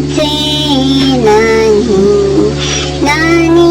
街なに何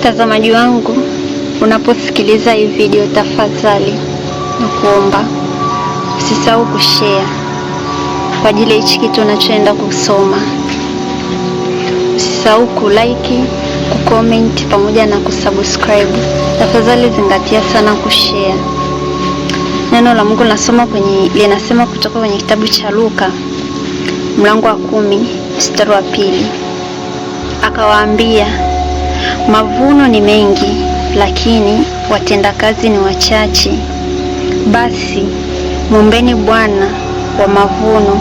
Mtazamaji wangu unaposikiliza hii video, tafadhali na kuomba usisahau kushare kwa ajili ya hichi kitu unachoenda kusoma. Usisahau kulike, kucomment pamoja na kusubscribe. Tafadhali zingatia sana kushare. Neno la Mungu linasoma kwenye linasema kutoka kwenye kitabu cha Luka mlango wa kumi mstari wa pili akawaambia, mavuno ni mengi, lakini watendakazi ni wachache. Basi mwombeni Bwana wa mavuno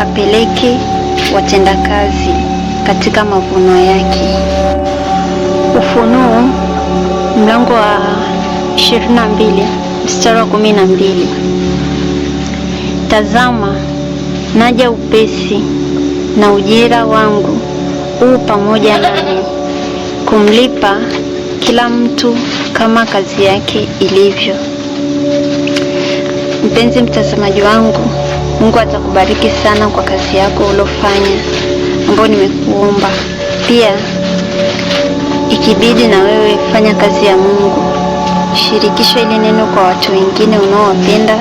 apeleke watendakazi katika mavuno yake. Ufunuo mlango wa ishirini na mbili mstari wa kumi na mbili tazama naja upesi na ujira wangu huu pamoja nami kumlipa kila mtu kama kazi yake ilivyo. Mpenzi mtazamaji wangu, Mungu atakubariki sana kwa kazi yako uliofanya ambayo nimekuomba. Pia ikibidi na wewe fanya kazi ya Mungu shirikisho ile neno kwa watu wengine unaowapenda,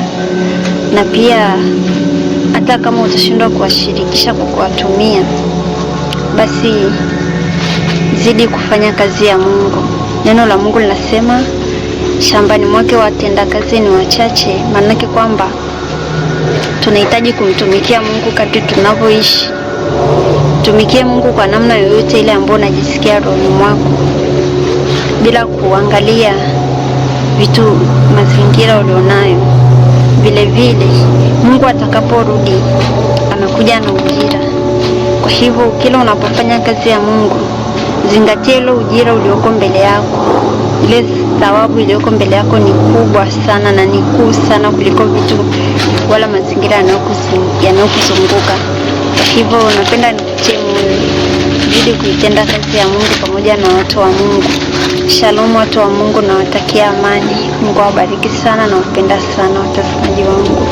na pia hata kama utashindwa kuwashirikisha kwa kuwatumia, basi zidi kufanya kazi ya Mungu. Neno la Mungu linasema shambani mwake watenda kazi ni wachache. Maanake kwamba tunahitaji kumtumikia Mungu kadri tunavyoishi. Tumikie Mungu kwa namna yoyote ile ambayo unajisikia rohoni mwako bila kuangalia vitu, mazingira ulionayo. Vile vile Mungu atakaporudi anakuja na ujira. Kwa hivyo kila unapofanya kazi ya Mungu, zingatia ile ujira ulioko mbele yako. Ile thawabu iliyoko mbele yako ni kubwa sana na ni kuu sana kuliko vitu wala mazingira yanayokuzunguka. Kwa hivyo napenda nikutie moyo ili kuitenda kazi ya Mungu pamoja na watu wa Mungu. Shalom watu wa Mungu, nawatakia amani. Mungu awabariki sana na upenda sana watazamaji wangu.